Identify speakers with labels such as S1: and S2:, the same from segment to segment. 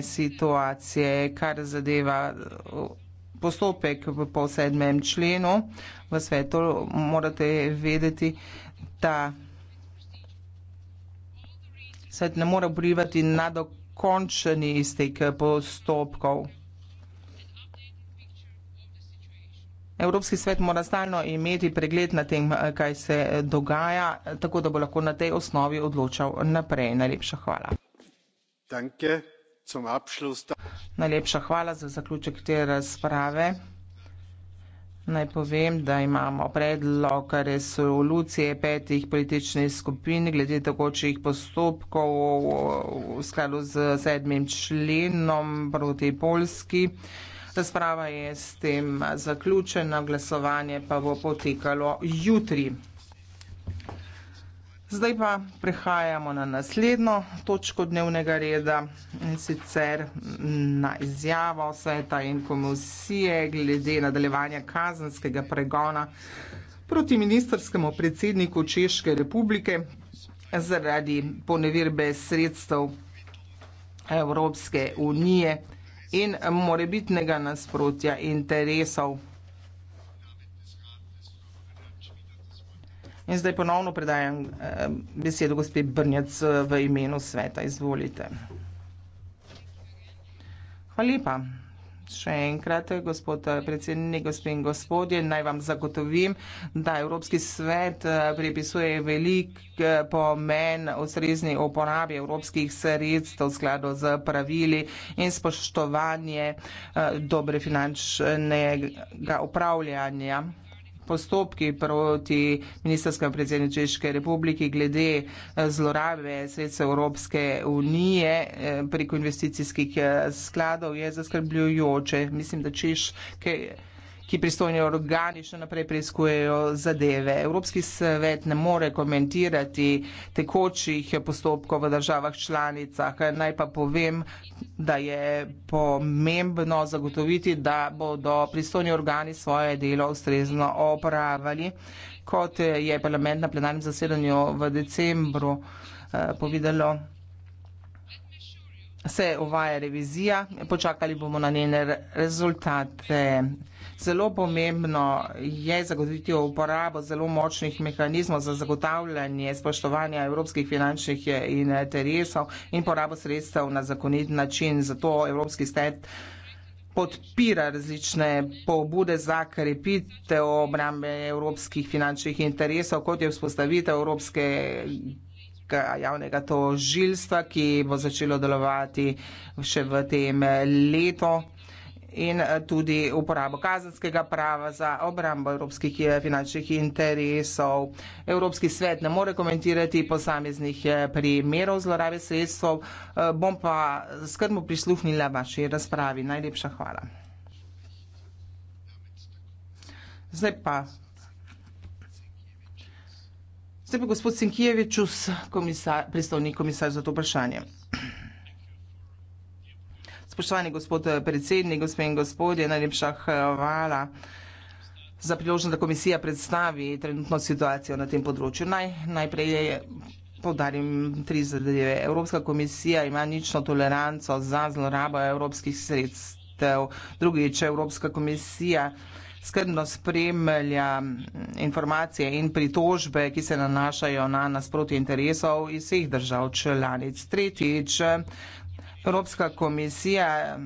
S1: situacije, kar zadeva uh, postopek po sedmem členu v svetu, morate vedeti, da svet ne mora obrivati na dokončeni iztek postopkov. Evropski svet mora stalno imeti pregled na tem, kaj se dogaja, tako da bo lahko na tej osnovi odločal naprej. Najlepša hvala. Danke. Najlepša hvala za zaključek te razprave. Naj povem, da imamo predlog resolucije petih političnih skupin glede tekočih postopkov v skladu z sedmim členom proti Poljski. Razprava je s tem zaključena, glasovanje pa bo potekalo jutri. Zdaj pa prehajamo na naslednjo točko dnevnega reda in sicer na izjavo sveta in komisije glede nadaljevanja kazanskega pregona proti ministerskemu predsedniku Češke republike zaradi ponevirbe sredstev Evropske unije in morebitnega nasprotja interesov. In zdaj ponovno predajam eh, besedo gospe Brnjac eh, v imenu sveta. Izvolite. Hvala lepa. Še enkrat, eh, gospod predsednik, gospe in gospodje, naj vam zagotovim, da Evropski svet pripisuje velik pomen ustrezni uporabi evropskih sredstev v skladu z pravili in spoštovanje dobre finančnega upravljanja postopki proti ministrskemu predsedniku Češke republike glede eh, zlorabe sredstev Evropske unije eh, preko investicijskih eh, skladov je zaskrbljujoče. Mislim, da Češke ki pristojni organi še naprej preizkujejo zadeve. Evropski svet ne more komentirati tekočih postopkov v državah članicah. Naj pa povem, da je pomembno zagotoviti, da bodo pristojni organi svoje delo ustrezno opravili, kot je parlament na plenarnem zasedanju v decembru eh, povedalo se uvaja revizija, počakali bomo na njene rezultate. Zelo pomembno je zagotoviti uporabo zelo močnih mehanizmov za zagotavljanje spoštovanja evropskih finančnih interesov in porabo sredstev na zakonit način. Zato Evropski stet podpira različne pobude za krepitev obrambe evropskih finančnih interesov, kot je vzpostavitev evropske javnega tožilstva, ki bo začelo delovati še v tem letu in eh, tudi uporabo kazanskega prava za obrambo evropskih eh, finančnih interesov. Evropski svet ne more komentirati posameznih eh, primerov zlorabe sredstev, bom pa skrbno prisluhnila vaši razpravi. Najlepša hvala. Zdaj pa Zdaj pa gospod Sinkijevič, komisar, pristovni komisar za to vprašanje. Spoštovani gospod eh, predsednik, gospe in gospodje, najlepša hvala za priložnost, da komisija predstavi trenutno situacijo na tem področju. Naj, najprej je, podarim tri zadeve. Evropska komisija ima nično toleranco za zlorabo evropskih sredstv sredstev. Drugič, Evropska komisija skrbno spremlja informacije in pritožbe, ki se nanašajo na nasprotje interesov iz vseh držav članic. Tretjič, Evropska komisija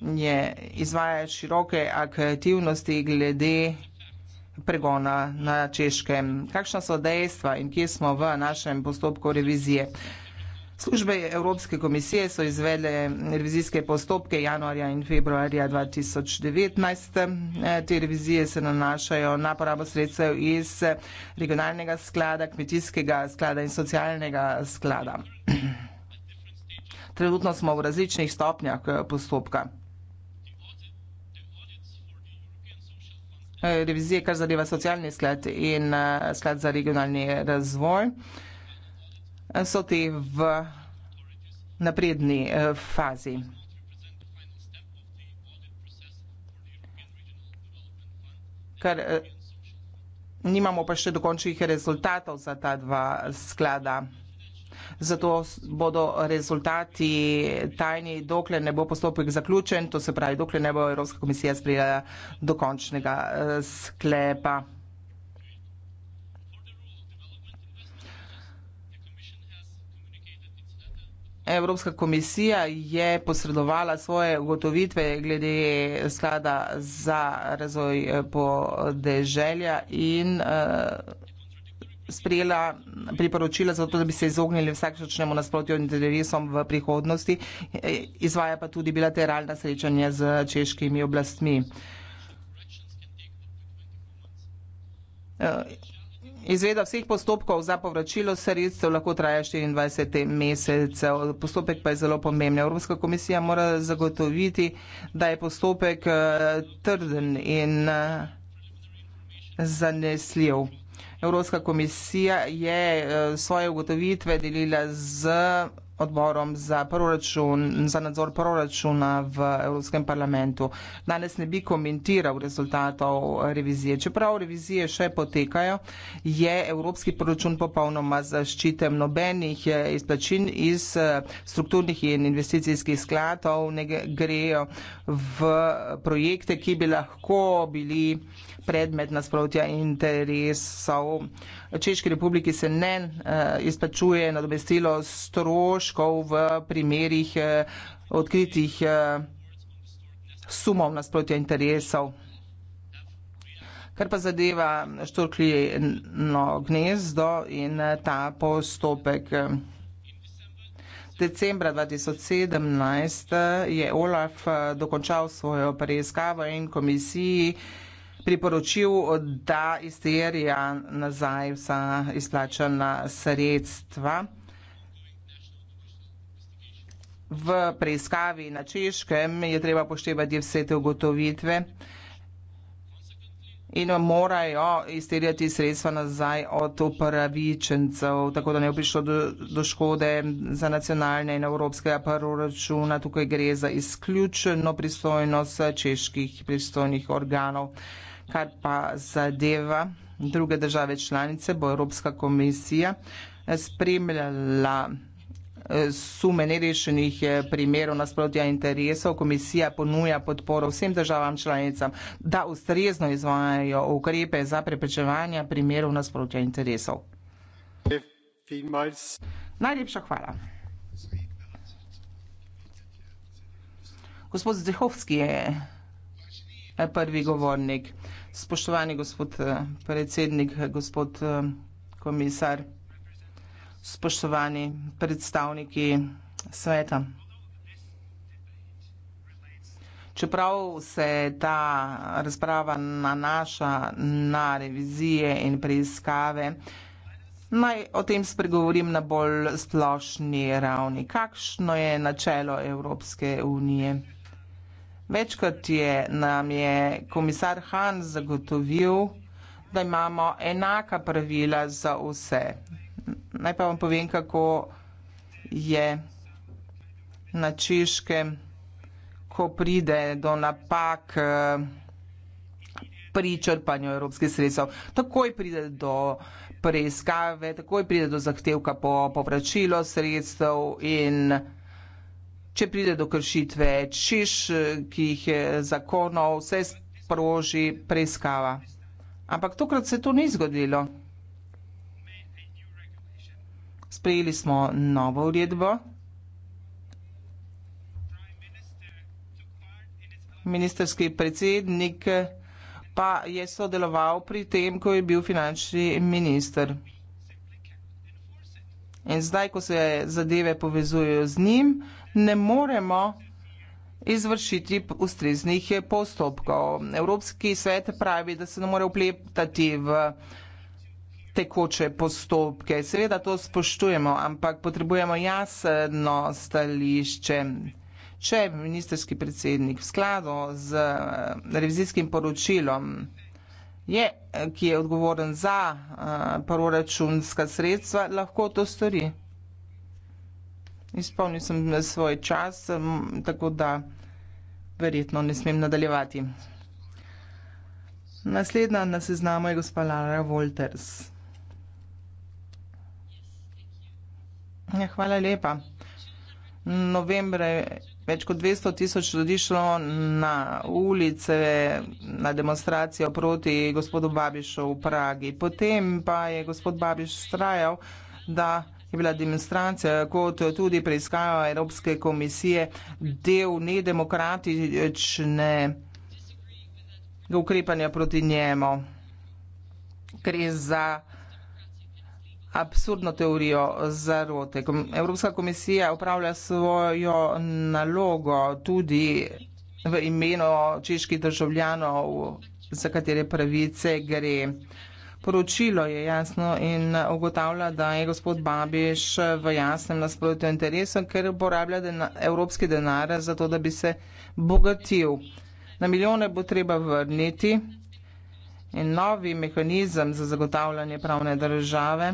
S1: je izvaja široke aktivnosti glede pregona na češkem. Kakšna so dejstva in kje smo v našem postopku revizije? Službe Evropske komisije so izvedle revizijske postopke januarja in februarja 2019. Te revizije se nanašajo na porabo sredstev iz regionalnega sklada, kmetijskega sklada in socialnega sklada. Trenutno smo v različnih stopnjah eh, postopka. Eh, revizije, kar zadeva socialni sklad in eh, sklad za regionalni razvoj, so te v napredni eh, fazi. Kar eh, nimamo pa še dokončnih rezultatov za ta dva sklada. Zato bodo rezultati tajni, dokler ne bo postopek zaključen, to se pravi, dokler ne bo Evropska komisija sprejela dokončnega eh, sklepa. Evropska komisija je posredovala svoje ugotovitve glede sklada za razvoj eh, podeželja in eh, sprejela priporočila za to, da bi se izognili vsakšnemu nasprotju in interesom v prihodnosti, eh, izvaja pa tudi bilateralna srečanja z češkimi oblastmi. Izveda vseh postopkov za povračilo sredstev lahko traja 24 mesecev. Postopek pa je zelo pomemben. Evropska komisija mora zagotoviti, da je postopek eh, trden in eh, zanesljiv. Evropska komisija je eh, svoje ugotovitve delila z odborom za proračun, za nadzor proračuna v Evropskem parlamentu. Danes ne bi komentiral rezultatov revizije. Čeprav revizije še potekajo, je Evropski proračun popolnoma zaščitem nobenih eh, izplačin iz eh, strukturnih in investicijskih skladov, ne grejo v projekte, ki bi lahko bili predmet nasprotja interesov. Češki republiki se ne eh, izplačuje nadomestilo stroškov v primerih eh, odkritih eh, sumov nasprotja interesov. Kar pa zadeva štorklino gnezdo in ta postopek. Decembra 2017 je Olaf dokončal svojo preiskavo in komisiji priporočil, da izterja nazaj vsa izplačana sredstva. V preiskavi na Češkem je treba poštevati vse te ugotovitve in morajo izterjati sredstva nazaj od upravičencev, tako da ne bo prišlo do, do škode za nacionalne in evropske proračuna. Tukaj gre za izključeno pristojnost čeških pristojnih organov. Kar pa zadeva druge države članice, bo Evropska komisija eh, spremljala eh, sume nerešenih eh, primerov nasprotja interesov. Komisija ponuja podporo vsem državam članicam, da ustrezno izvajajo ukrepe za preprečevanje primerov nasprotja interesov. Najlepša hvala. Gospod Zdehovski je Eh, prvi govornik. Spoštovani gospod eh, predsednik, eh, gospod komisar, spoštovani predstavniki sveta. Čeprav se ta razprava nanaša na revizije in preiskave, naj o tem spregovorim na bolj splošni ravni. Kakšno je načelo Evropske unije? Več kot je nam je komisar Han zagotovil, da imamo enaka pravila za vse. Naj pa vam povem, kako je na češkem, ko pride do napak pri črpanju evropskih sredstev. Takoj pride do preiskave, takoj pride do zahtevka po povračilo sredstev in če pride do kršitve, češ, eh, ki jih je zakonov, vse sproži preiskava. Ampak tokrat se to ni zgodilo. Sprejeli smo novo uredbo. Ministerski predsednik pa je sodeloval pri tem, ko je bil finančni minister. In zdaj, ko se zadeve povezujejo z njim, ne moremo izvršiti ustreznih postopkov. Evropski svet pravi, da se ne more vpletati v tekoče postopke. Seveda to spoštujemo, ampak potrebujemo jasno stališče. Če ministerski predsednik v skladu z eh, revizijskim poročilom je, eh, ki je odgovoren za eh, proračunska sredstva, lahko to stori. Izpolnil sem svoj čas, tako da verjetno ne smem nadaljevati. Naslednja na seznamu je gospa Lara Wolters. Ja, hvala lepa. Novembra je več kot 200 tisoč ljudi šlo na ulice, na demonstracijo proti gospodu Babišu v Pragi. Potem pa je gospod Babiš strajal, da je bila demonstracija, kot tudi preiskava Evropske komisije, del nedemokratične ukrepanja proti njemu. Gre za absurdno teorijo zarote. Evropska komisija upravlja svojo nalogo tudi v imenu čeških državljanov, za katere pravice gre poročilo je jasno in ogotavlja, da je gospod Babiš v jasnem nasprotju interesov, ker uporablja dena, evropski denar za to, da bi se bogatil. Na milijone bo treba vrniti in novi mehanizem za zagotavljanje pravne države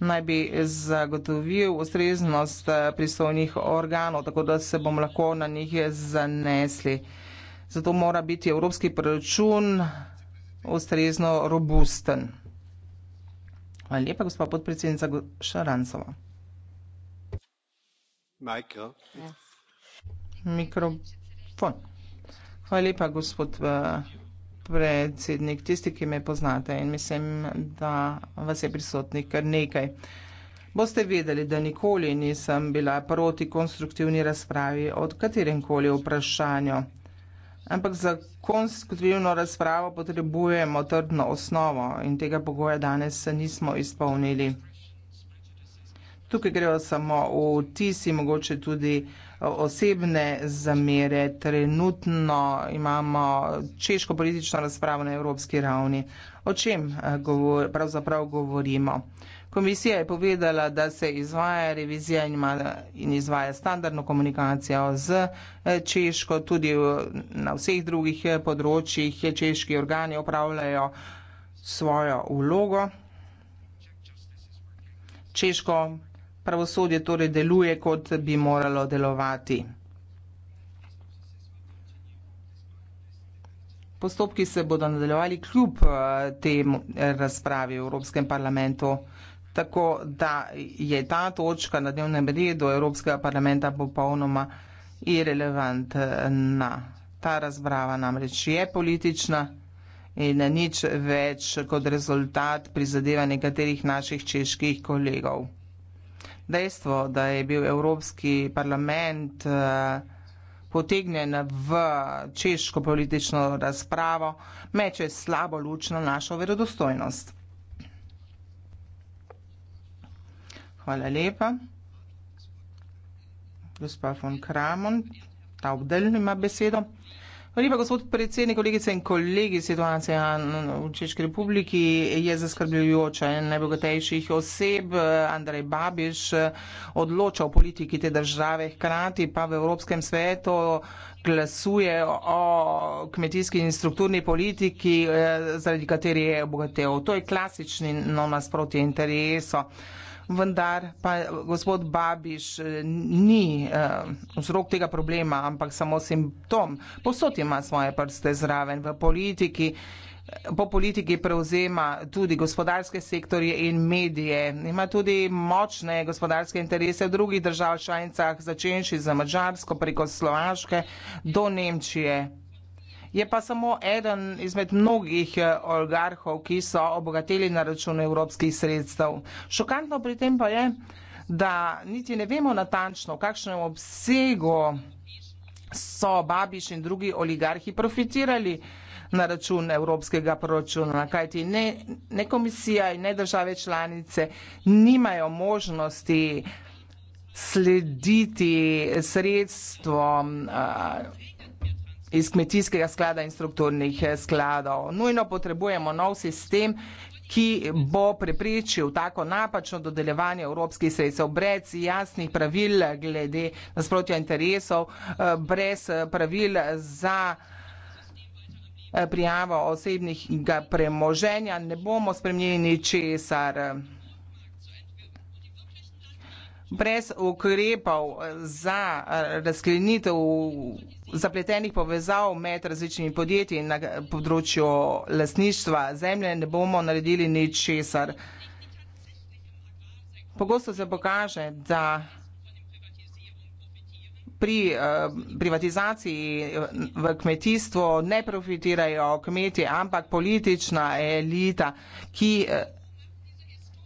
S1: naj bi zagotovil ustreznost eh, pristojnih organov, tako da se bomo lahko na njih zanesli. Zato mora biti evropski proračun ustrezno robusten. Hvala lepa, gospa podpredsednica Šarancova.
S2: Mikro. Ja.
S1: Mikrofon. Hvala lepa, gospod eh, predsednik. Tisti, ki me poznate in mislim, da vas je prisotnih kar nekaj. Boste vedeli, da nikoli nisem bila proti konstruktivni razpravi od katerem koli vprašanju. Ampak za konstruktivno razpravo potrebujemo trdno osnovo in tega pogoja danes se nismo izpolnili. Tukaj grejo samo v tisi, mogoče tudi eh, osebne zamere. Trenutno imamo češko politično razpravo na evropski ravni. O čem eh, govor, pravzaprav govorimo? Komisija je povedala, da se izvaja revizija in, in izvaja standardno komunikacijo z eh, Češko, tudi na vseh drugih eh, področjih češki organi opravljajo svojo vlogo. Češko pravosodje torej deluje, kot bi moralo delovati. Postopki se bodo nadaljevali kljub eh, tem razpravi v Evropskem parlamentu. Tako da je ta točka na dnevnem redu Evropskega parlamenta popolnoma irrelevantna. Ta razbrava namreč je politična in nič več kot rezultat prizadeva nekaterih naših čeških kolegov. Dejstvo, da je bil Evropski parlament eh, potegnjen v češko politično razpravo, meče slabo luč na našo verodostojnost. Hvala lepa. Gospa von Kramon, ta obdeljna ima besedo. Hvala lepa, gospod predsednik, kolegice in kolegi. Situacija v Češki republiki je zaskrbljujoča. En najbogatejših oseb, Andrej Babiš, odloča o politiki te države, hkrati pa v Evropskem svetu glasuje o kmetijski in strukturni politiki, eh, zaradi kateri je obogatel. To je klasični no, nasprotje interesov vendar pa gospod Babiš eh, ni eh, vzrok tega problema, ampak samo simptom. Posod ima svoje prste zraven v politiki. Eh, po politiki prevzema tudi gospodarske sektorje in medije. Ima tudi močne gospodarske interese v drugih držav članicah, začenši za Mačarsko, preko Slovaške do Nemčije je pa samo eden izmed mnogih eh, oligarhov, ki so obogateli na račun evropskih sredstev. Šokantno pri tem pa je, da niti ne vemo natančno, v kakšnem obsegu so Babiš in drugi oligarhi profitirali na račun evropskega proračuna, kajti ne, ne komisija in ne države članice nimajo možnosti slediti sredstvom eh, iz kmetijskega sklada in strukturnih eh, skladov. Nujno potrebujemo nov sistem, ki bo preprečil tako napačno dodeljevanje evropskih sredstev brez jasnih pravil glede nasprotja interesov, eh, brez eh, pravil za prijavo osebnih premoženja. Ne bomo spremljeni česar. Brez ukrepov za razklenitev zapletenih povezav med različnimi podjetji in na področju lasništva zemlje ne bomo naredili nič česar. Pogosto se pokaže, da pri eh, privatizaciji eh, v kmetijstvu ne profitirajo kmetje, ampak politična elita, ki eh,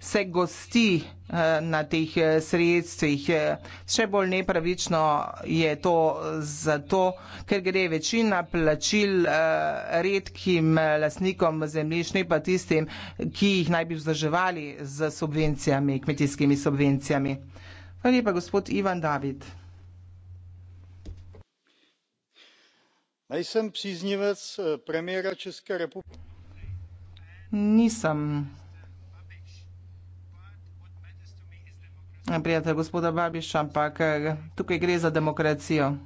S1: se gosti eh, na teh eh, sredstvih. Eh, še bolj nepravično je to zato, ker gre večina plačil redkim lasnikom zemljišč, ne pa tistim, ki jih naj bi vzdrževali z subvencijami, kmetijskimi subvencijami. Hvala lepa, gospod Ivan David. Nisem prijatelj gospoda Babiša, ampak eh, tukaj gre za demokracijo.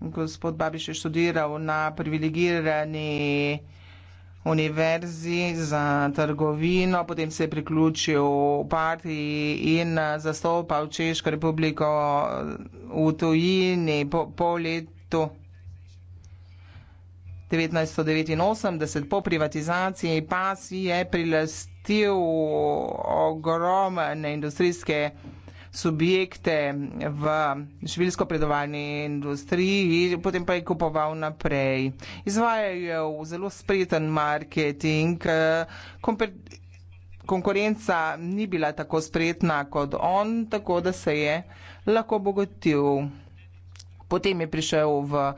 S1: Gospod Babiš je študiral na privilegirani univerzi za trgovino, potem se je priključil v partiji in eh, zastopal Češko republiko eh, v tujini po, po letu 1989. Po privatizaciji pa si je prilastil pustil ogromne industrijske subjekte v živilsko predovalni industriji in potem pa je kupoval naprej. Izvajal je zelo spreten marketing, konkurenca ni bila tako spretna kot on, tako da se je lahko bogotil. Potem je prišel v eh,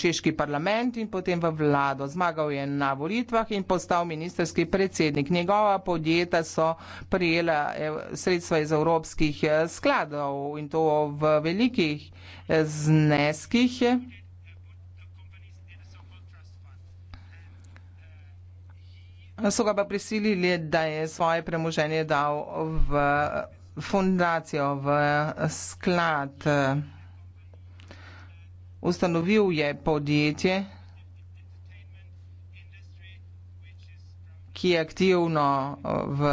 S1: češki parlament in potem v vlado. Zmagal je na volitvah in postal ministerski predsednik. Njegova podjetja so prijela eh, sredstva iz evropskih eh, skladov in to v velikih zneskih. So ga pa prisilili, da je svoje premoženje dal v fundacijo, v sklad. Ustanovil je podjetje, ki je aktivno eh, v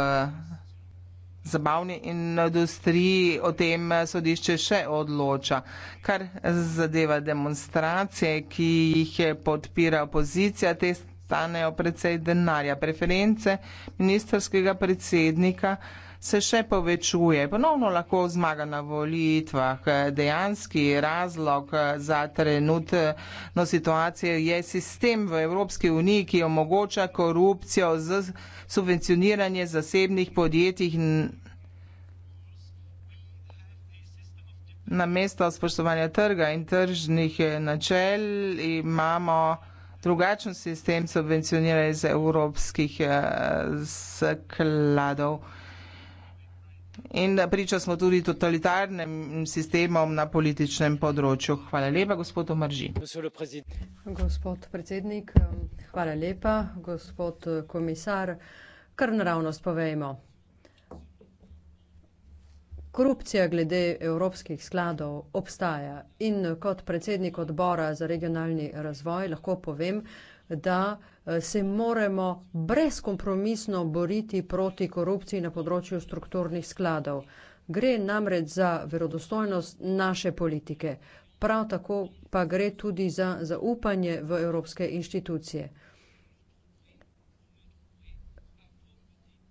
S1: zabavni industriji, o tem eh, sodišče še odloča. Kar zadeva demonstracije, ki jih je podpira opozicija, te stanejo precej denarja. Preference ministerskega predsednika se še povečuje. Ponovno lahko zmaga na volitvah. Dejanski razlog za trenutno situacijo je sistem v Evropski uniji, ki omogoča korupcijo z subvencioniranje zasebnih podjetij na mesto spoštovanja trga in tržnih načel imamo drugačen sistem subvencioniranja iz evropskih eh, skladov. In priča smo tudi totalitarnim sistemom na političnem področju. Hvala lepa, gospod Omrži.
S3: Gospod predsednik, hvala lepa, gospod komisar. Kar naravnost povejmo. Korupcija glede evropskih skladov obstaja in kot predsednik odbora za regionalni razvoj lahko povem, da eh, se moramo brezkompromisno boriti proti korupciji na področju strukturnih skladov. Gre namreč za verodostojnost naše politike. Prav tako pa gre tudi za zaupanje v evropske inštitucije.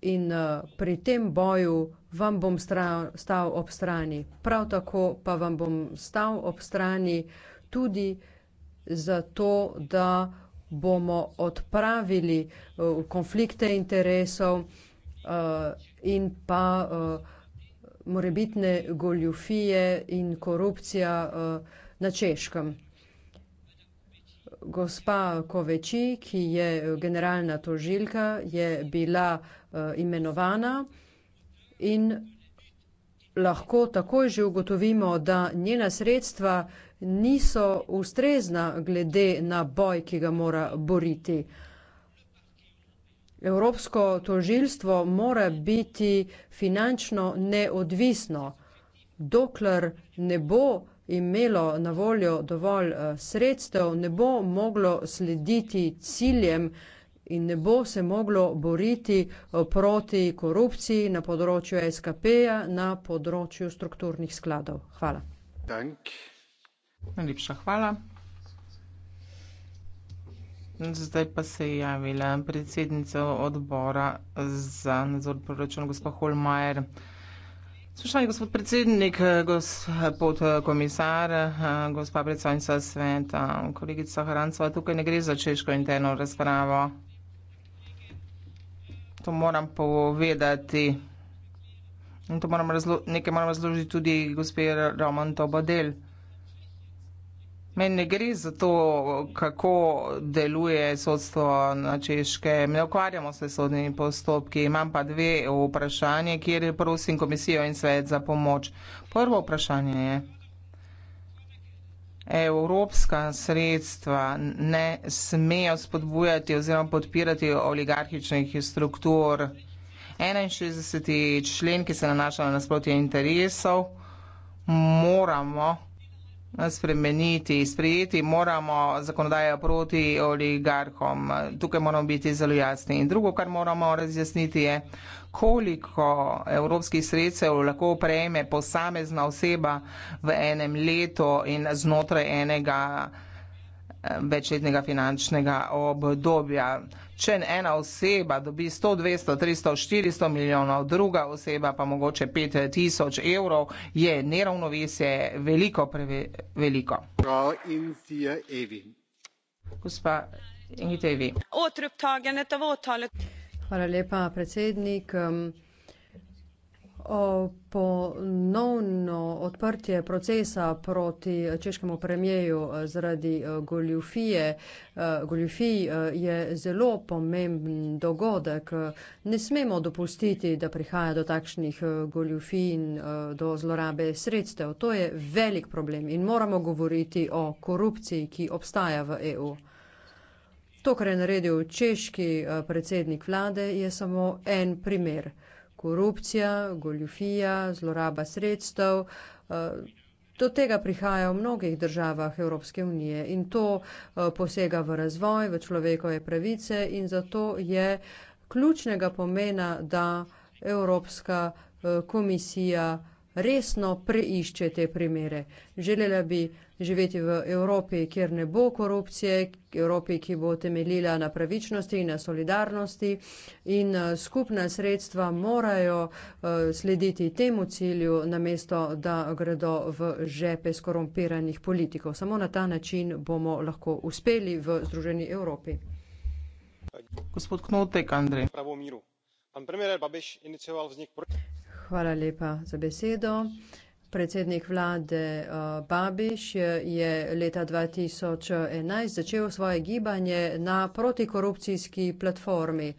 S3: In eh, pri tem boju vam bom stal ob strani. Prav tako pa vam bom stal ob strani tudi zato, da bomo odpravili uh, konflikte interesov uh, in pa uh, morebitne goljufije in korupcija uh, na češkem. Gospa Koveči, ki je generalna tožilka, je bila uh, imenovana in lahko takoj že ugotovimo, da njena sredstva niso ustrezna glede na boj, ki ga mora boriti. Evropsko tožilstvo mora biti finančno neodvisno. Dokler ne bo imelo na voljo dovolj eh, sredstev, ne bo moglo slediti ciljem, in ne bo se moglo boriti eh, proti korupciji na področju SKP-ja, na področju strukturnih skladov. Hvala.
S1: Najlepša hvala. Zdaj pa se je javila predsednica odbora za nadzor proračuna, gospa Hohlmeier. Spoštovani gospod predsednik, gospod komisar, gospa predstavnica sveta, kolegica Hranceva, tukaj ne gre za češko interno razpravo to moram povedati. In to moram razlo nekaj moram razložiti tudi gospe Roman Tobadel. Meni ne gre za to, kako deluje sodstvo na češke. Ne ukvarjamo se s sodnimi postopki. Imam pa dve vprašanje, kjer prosim komisijo in svet za pomoč. Prvo vprašanje je evropska sredstva ne smejo spodbujati oziroma podpirati oligarhičnih struktur. 61. člen, ki se nanaša na nasprotje interesov, moramo spremeniti, sprejeti moramo zakonodajo proti oligarhom. Tukaj moramo biti zelo jasni. In drugo, kar moramo razjasniti, je, koliko evropskih sredstev lahko prejme posamezna oseba v enem letu in znotraj enega večletnega finančnega obdobja. Če ena oseba dobi 100, 200, 300, 400 milijonov, druga oseba pa mogoče 5000 evrov, je neravnovesje veliko preveliko. Gospa Ingitevi.
S3: Hvala lepa, predsednik. Um, Ponovno odprtje procesa proti češkemu premijeju eh, zaradi eh, goljufije, eh, goljufij je zelo pomemben dogodek. Ne smemo dopustiti, da prihaja do takšnih goljufij in do zlorabe sredstev. To je velik problem in moramo govoriti o korupciji, ki obstaja v EU. To, kar je naredil češki predsednik vlade, je samo en primer korupcija, goljufija, zloraba sredstev. Eh, do tega prihaja v mnogih državah Evropske unije in to eh, posega v razvoj, v človekove pravice in zato je ključnega pomena, da Evropska eh, komisija resno preišče te primere. Želela bi živeti v Evropi, kjer ne bo korupcije, Evropi, ki bo temeljila na pravičnosti in na solidarnosti in skupna sredstva morajo eh, slediti temu cilju, namesto da gredo v žepe skorumpiranih politikov. Samo na ta način bomo lahko uspeli v Združeni Evropi.
S1: Gospod Knotek, Andrej.
S3: Hvala lepa za besedo. Predsednik vlade eh, Babiš je leta 2011 začel svoje gibanje na protikorupcijski platformi.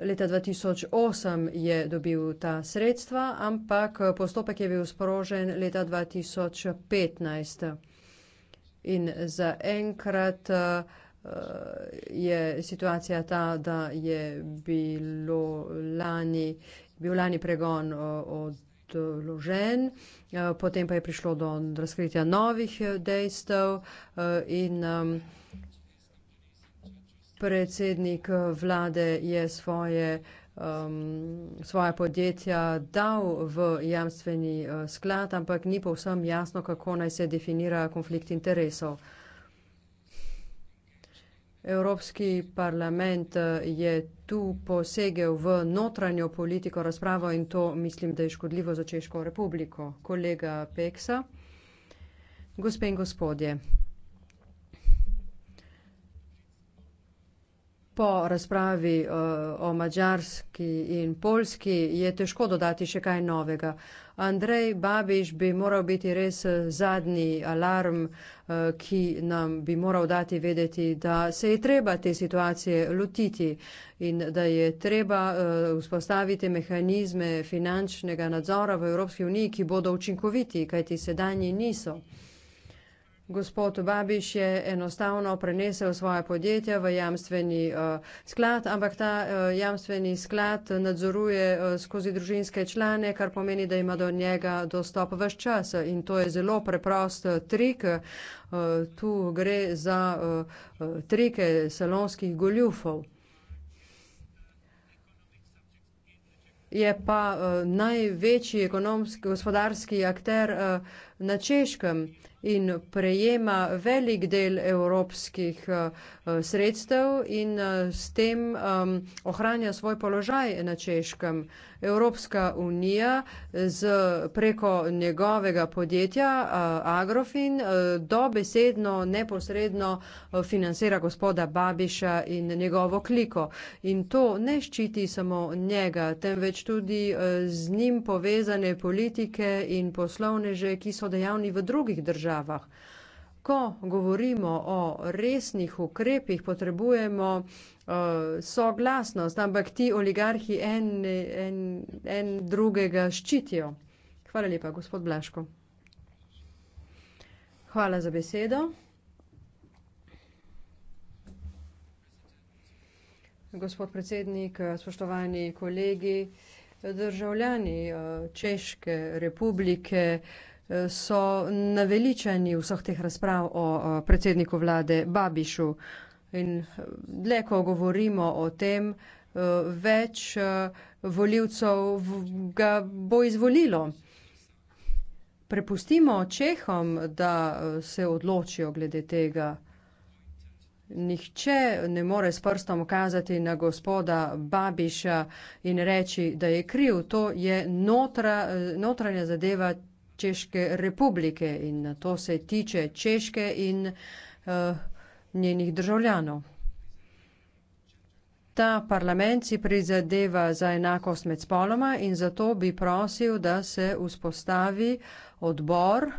S3: Leta 2008 je dobil ta sredstva, ampak postopek je bil sprožen leta 2015. In zaenkrat eh, je situacija ta, da je bilo lani bil lani pregon odložen, e, potem pa je prišlo do razkritja novih e, dejstev e, in predsednik vlade je svoje svoja podjetja dal v jamstveni sklad, ampak ni povsem jasno, kako naj se definira konflikt interesov. Evropski parlament eh, je tu posegel v notranjo politiko razpravo in to mislim, da je škodljivo za Češko republiko. Kolega Peksa, gospe in gospodje. Po razpravi eh, o Mačarski in Poljski je težko dodati še kaj novega. Andrej Babiš bi moral biti res eh, zadnji alarm, Eh, ki nam bi moral dati vedeti, da se je treba te situacije lotiti in da je treba eh, vzpostaviti mehanizme finančnega nadzora v Evropski uniji, ki bodo učinkoviti, kajti sedanji niso. Gospod Babiš je enostavno prenesel svoje podjetje v jamstveni uh, sklad, ampak ta uh, jamstveni sklad nadzoruje uh, skozi družinske člane, kar pomeni, da ima do njega dostop v vse čas. In to je zelo preprost uh, trik. Uh, tu gre za uh, uh, trike salonskih goljufov. Je pa uh, največji ekonomski gospodarski akter. Uh, na Češkem in prejema velik del evropskih eh, sredstev in eh, s tem ehm, ohranja svoj položaj na Češkem. Evropska unija z preko njegovega podjetja eh, Agrofin dobesedno neposredno financira gospoda Babiša in njegovo kliko. In to ne ščiti samo njega, temveč tudi z njim povezane politike in poslovneže, ki so so dejavni v drugih državah. Ko govorimo o resnih ukrepih, potrebujemo uh, soglasnost, ampak ti oligarhi en, en, en drugega ščitijo. Hvala lepa, gospod Blaško. Hvala za besedo. Gospod predsednik, spoštovani kolegi, državljani eh, Češke republike, uh, so naveličani vseh teh razprav o predsedniku vlade Babišu. In dlje, ko govorimo o tem, eh, več eh, voljivcev ga bo izvolilo. Prepustimo Čehom, da eh, se odločijo glede tega. Nihče ne more s prstom kazati na gospoda Babiša in reči, da je kriv. To je notra, notranja zadeva Češke republike in to se tiče Češke in uh, njenih državljanov. Ta parlament si prizadeva za enakost med spoloma in zato bi prosil, da se vzpostavi odbor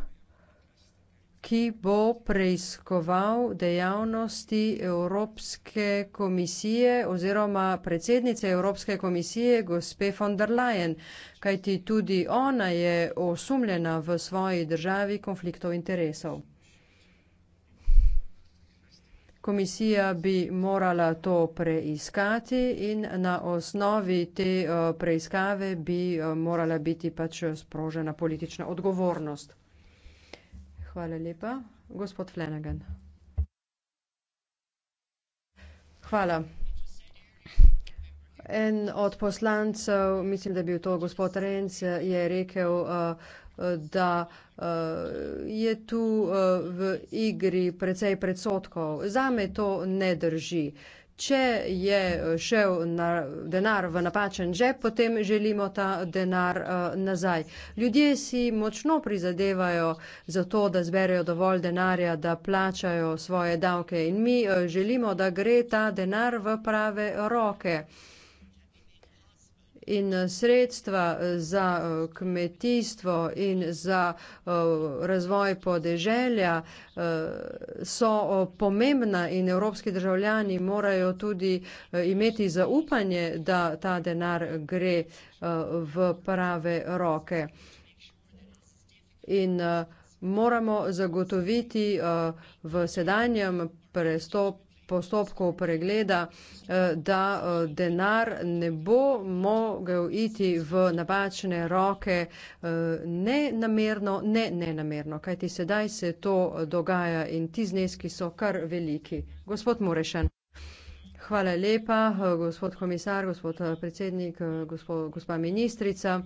S3: ki bo preiskoval dejavnosti Evropske komisije oziroma predsednice Evropske komisije gospe von der Leyen, kajti tudi ona je osumljena v svoji državi konfliktov interesov. Komisija bi morala to preiskati in na osnovi te eh, preiskave bi eh, morala biti pač sprožena politična odgovornost. Hvala lepa. Gospod Flanagan. Hvala. En od poslancev, mislim, da je bil to gospod Renc, je rekel, uh, da uh, je tu uh, v igri precej predsotkov. Zame to ne drži. Če je eh, šel na denar v napačen žep, potem želimo ta denar eh, nazaj. Ljudje si močno prizadevajo za to, da zberejo dovolj denarja, da plačajo svoje davke in mi eh, želimo, da gre ta denar v prave roke in eh, sredstva eh, za eh, kmetijstvo in za razvoj podeželja so pomembna in evropski državljani morajo tudi imeti zaupanje, da ta denar gre v prave roke. In moramo zagotoviti v sedanjem prestopu, postopkov pregleda, eh, da eh, denar ne bo mogel iti v napačne roke eh, ne namerno, ne nenamerno, kajti sedaj se to dogaja in ti zneski so kar veliki. Gospod Murešen. Hvala lepa, gospod komisar, gospod predsednik, gospod, gospa ministrica.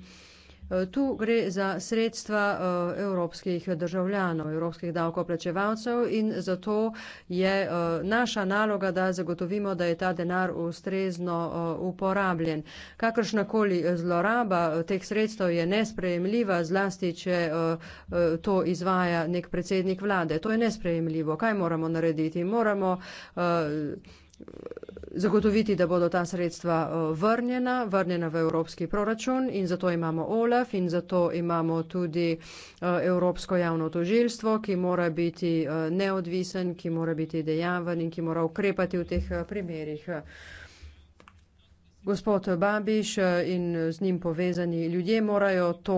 S3: Eh, tu gre za sredstva eh, evropskih državljanov, evropskih davkoplačevalcev in zato je eh, naša naloga, da zagotovimo, da je ta denar ustrezno uporabljen. Kakršnakoli zloraba teh sredstev je nesprejemljiva, zlasti, če to izvaja nek predsednik vlade. To je nesprejemljivo. Kaj moramo narediti? Moramo zagotoviti, da bodo ta sredstva eh, vrnjena, vrnjena v evropski proračun in zato imamo OLAF in zato imamo tudi eh, Evropsko javno tožilstvo, ki mora biti eh, neodvisen, ki mora biti dejaven in ki mora ukrepati v teh primerih. Gospod Babiš eh, in eh, z njim povezani ljudje morajo to,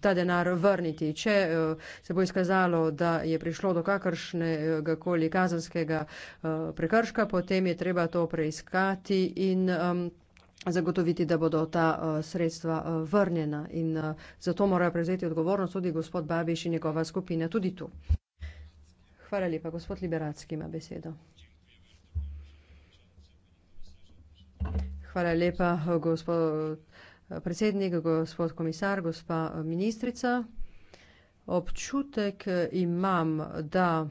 S3: ta denar vrniti. Če eh, se bo izkazalo, da je prišlo do kakršnega koli kazanskega prekrška, potem je treba to preiskati in um, zagotoviti, da bodo ta sredstva vrnjena. In uh, zato morajo prevzeti odgovornost tudi gospod Babiš in njegova skupina tudi tu. Hvala lepa. Gospod Liberacki ima besedo. Hvala lepa, gospod predsednik, gospod komisar, gospa ministrica. Občutek imam, da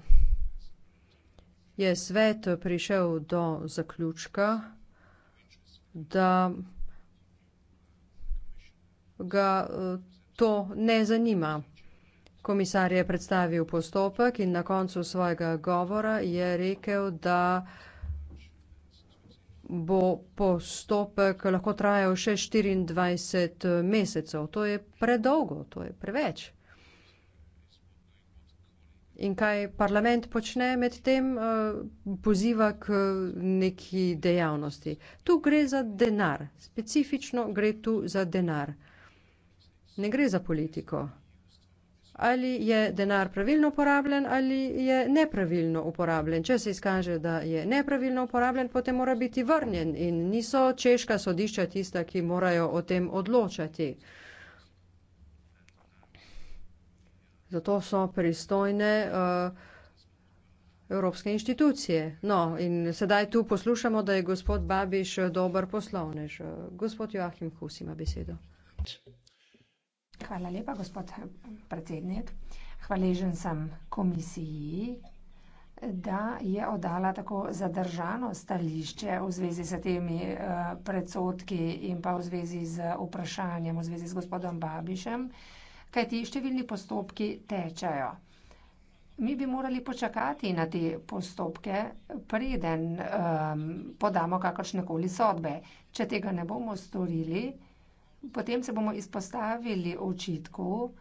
S3: je svet prišel do zaključka, da ga to ne zanima. Komisar je predstavil postopek in na koncu svojega govora je rekel, da bo postopek lahko trajal še 24 eh, mesecev. To je predolgo, to je preveč. In kaj parlament počne med tem, eh, poziva k eh, neki dejavnosti. Tu gre za denar, specifično gre tu za denar. Ne gre za politiko ali je denar pravilno uporabljen ali je nepravilno uporabljen. Če se izkaže, da je nepravilno uporabljen, potem mora biti vrnjen in niso češka sodišča tista, ki morajo o tem odločati. Zato so pristojne uh, evropske inštitucije. No, in sedaj tu poslušamo, da je gospod Babiš dober poslovnež. Gospod Joachim Hus ima besedo. Thank you.
S4: Hvala lepa, gospod predsednik. Hvaležen sem komisiji, da je oddala tako zadržano stališče v zvezi s temi eh, predsotki in pa v zvezi z vprašanjem v zvezi z gospodom Babišem, kaj ti številni postopki tečajo. Mi bi morali počakati na te postopke, preden um, podamo kakršnekoli sodbe. Če tega ne bomo storili, Potem se bomo izpostavili očitku,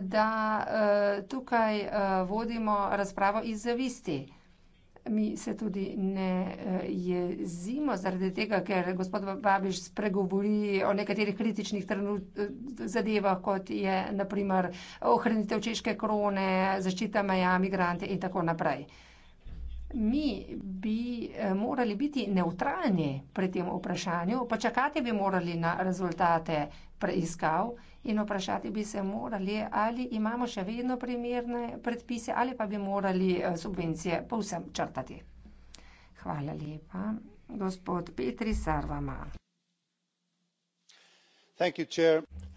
S4: da eh, tukaj eh, vodimo razpravo iz zavisti. Mi se tudi ne eh, jezimo zaradi tega, ker gospod Babiš spregovori o nekaterih kritičnih zadevah, kot je naprimer ohranitev češke krone, zaščita meja, migrante in tako naprej mi bi eh, morali biti neutralni pri tem vprašanju, pa čakati bi morali na rezultate preiskav in vprašati bi se morali, ali imamo še vedno primerne predpise ali pa bi morali eh, subvencije povsem črtati. Hvala lepa.
S3: Gospod Petri Sarvama.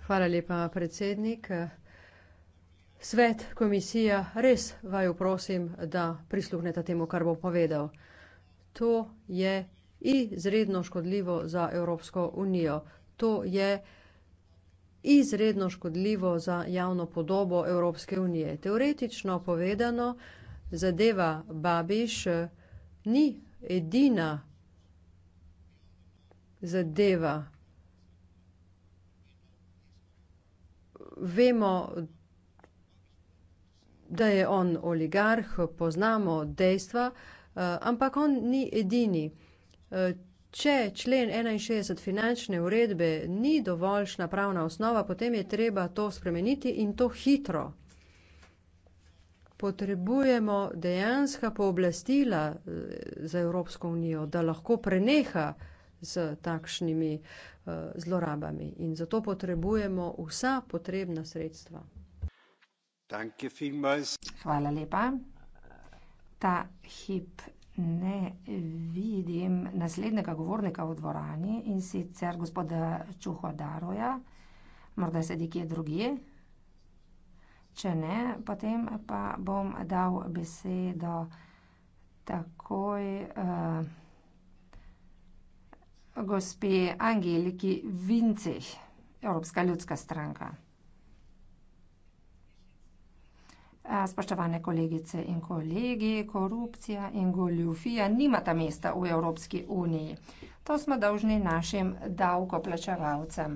S3: Hvala lepa, predsednik. Svet, komisija, res vaju prosim, da prisluhnete temu, kar bo povedal. To je izredno škodljivo za Evropsko unijo. To je izredno škodljivo za javno podobo Evropske unije. Teoretično povedano, zadeva Babiš ni edina zadeva. Vemo, da da je on oligarh, poznamo dejstva, eh, ampak on ni edini. Eh, če člen 61 finančne uredbe ni dovoljšna pravna osnova, potem je treba to spremeniti in to hitro. Potrebujemo dejanska pooblastila eh, za Evropsko unijo, da lahko preneha z takšnimi zlorabami in zato potrebujemo vsa potrebna sredstva.
S2: Hvala
S3: lepa. Ta hip ne vidim
S4: naslednjega govornika v dvorani, in sicer gospoda Čuho Daroja. Morda sedi kje drugje. Če ne, potem pa bom dal besedo takoj eh, gospe Angeliki Vincih, Evropska ljudska stranka. Eh, spoštovane kolegice in kolegi, korupcija in goljufija nimata mesta v Evropski uniji. To smo dolžni našim davkoplačevalcem.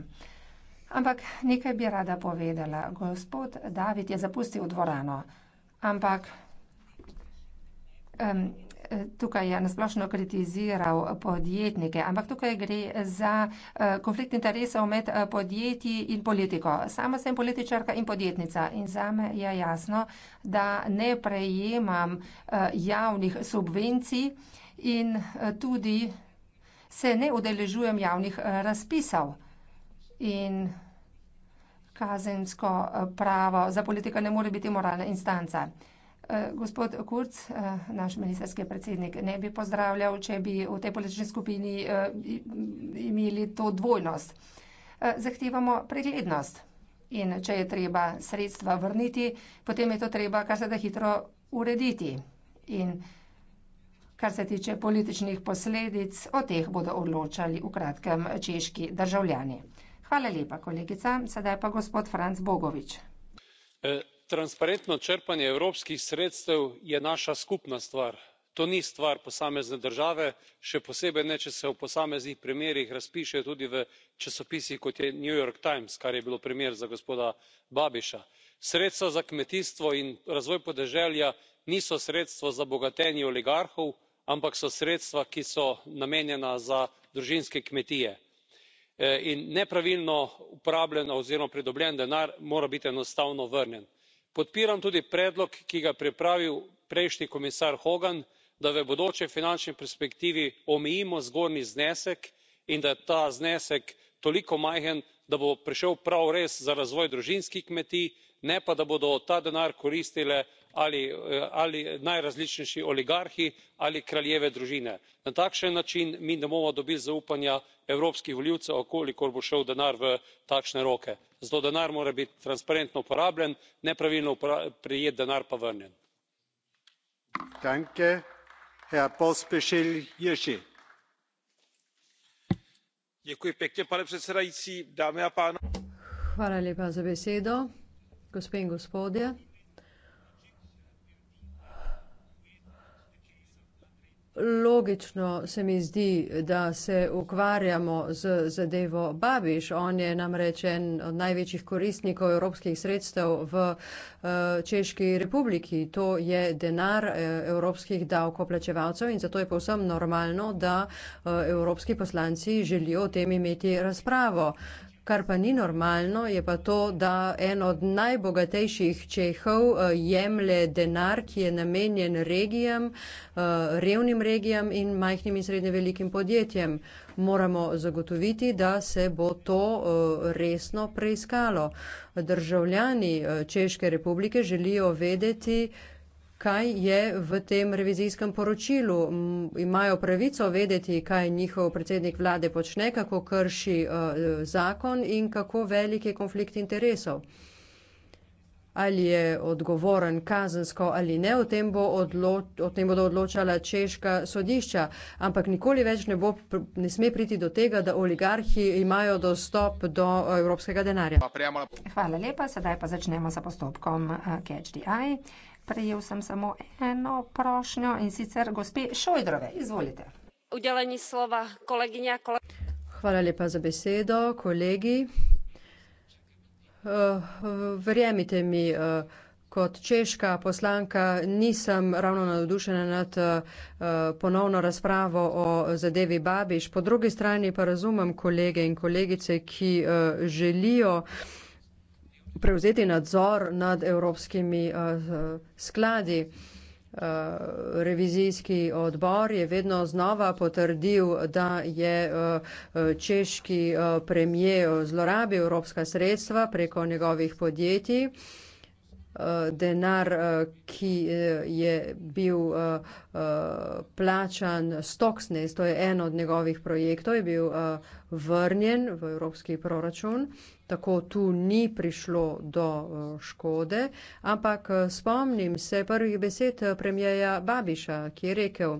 S4: Ampak nekaj bi rada povedala. Gospod David je zapustil dvorano. Ampak um, tukaj je nasplošno kritiziral podjetnike, ampak tukaj gre za eh, konflikt interesov med eh, podjetji in politiko. Sama sem političarka in podjetnica in zame je jasno, da ne prejemam eh, javnih subvencij in tudi se ne udeležujem javnih razpisov. In kazensko pravo za politika ne more biti moralna instanca. Eh, gospod Kurz, eh, naš ministerski predsednik, ne bi pozdravljal, če bi v tej politični skupini eh, imeli to dvojnost. Zahtevamo preglednost in če je treba sredstva vrniti, potem je to treba kar se da hitro urediti. In kar se tiče političnih posledic, o teh bodo odločali v kratkem češki državljani. Hvala lepa, kolegica. Sedaj pa gospod Franc Bogovič
S2: transparentno črpanje evropskih sredstev je naša skupna stvar to ni stvar posamezne države še posebej ne če se o posameznih primerih razpiše tudi v časopisih kot je new york times kar je bil primer za gospoda babiša. sredstva za kmetijstvo in razvoj podeželja niso sredstva za bogatenje oligarhov ampak so sredstva ki so namenjena za družinske kmetije. Eh, in nepravilno uporabljen oziroma pridobljen denar mora biti enostavno vrnjen podpiram tudi predlog ki ga je pripravil prejšnji komisar hogan da v bodoči finančni perspektivi omejimo zgornji znesek in da je ta znesek toliko majhen da bo prišel prav res za razvoj družinskih kmetij ne pa da bodo ta denar koristile Eh, ali najrazličnejši oligarhi ali kraljeve družine. na takšen način mi ne bomo dobili zaupanja evropskih volivcev kolikor bo šel denar v takšne roke zato denar mora biti transparentno porabljen nepravilno prejet denar pa vrnjen. pane
S3: predsedujoči gospe in gospodje Logično se mi zdi, da se ukvarjamo z zadevo Babiš. On je namreč en od največjih koristnikov evropskih sredstev v eh, Češki republiki. To je denar eh, evropskih davkoplačevalcev in zato je povsem normalno, da eh, evropski poslanci želijo o tem imeti razpravo. Kar pa ni normalno, je pa to, da en od najbogatejših Čehov eh, jemlje denar, ki je namenjen regijam, eh, revnim regijam in majhnim in srednje velikim podjetjem. Moramo zagotoviti, da se bo to eh, resno preiskalo. Državljani Češke republike želijo vedeti, kaj je v tem revizijskem poročilu. Imajo pravico vedeti, kaj njihov predsednik vlade počne, kako krši eh, zakon in kako velik je konflikt interesov. Ali je odgovoren kazensko ali ne, o tem, bo odlo o tem bodo odločala češka sodišča. Ampak nikoli več ne, bo, ne sme priti do tega, da oligarhi imajo dostop do eh, evropskega denarja. Hvala lepa, sedaj pa začnemo sa postopkom eh, Catch the Eye. Prejel sem
S4: samo eno prošnjo in sicer gospe Šojdrove. Izvolite. Udeleni slova koleginja. Kole...
S3: Hvala lepa za besedo, kolegi. Eh, verjemite mi, eh, kot češka poslanka nisem ravno navdušena nad eh, ponovno razpravo o zadevi Babiš. Po drugi strani pa razumem kolege in kolegice, ki želijo prevzeti nadzor nad evropskimi uh, skladi. Uh, revizijski odbor je vedno znova potrdil, da je uh, češki uh, premije zlorabil evropska sredstva preko njegovih podjetij. Uh, denar, uh, ki je bil uh, uh, plačan Stoksnes, to je en od njegovih projektov, je bil uh, vrnjen v evropski proračun tako tu ni prišlo do eh, škode, ampak eh, spomnim se prvih besed eh, premjeja Babiša, ki je rekel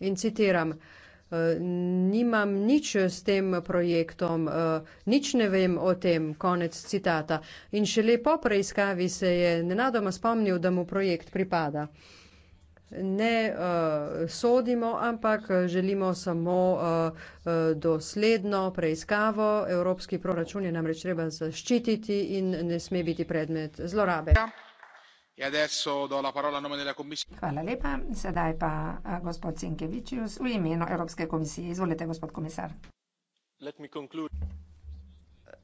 S3: in citiram, nimam nič s tem projektom, nič ne vem o tem, konec citata. In šele po preiskavi se je nenadoma spomnil, da mu projekt pripada ne uh, sodimo, ampak želimo samo uh, uh, dosledno preiskavo. Evropski proračun je namreč treba zaščititi in ne sme biti predmet zlorabe.
S1: E
S4: Hvala lepa. Sedaj pa gospod Cinkevičius v imenu Evropske komisije. Izvolite,
S3: gospod komisar.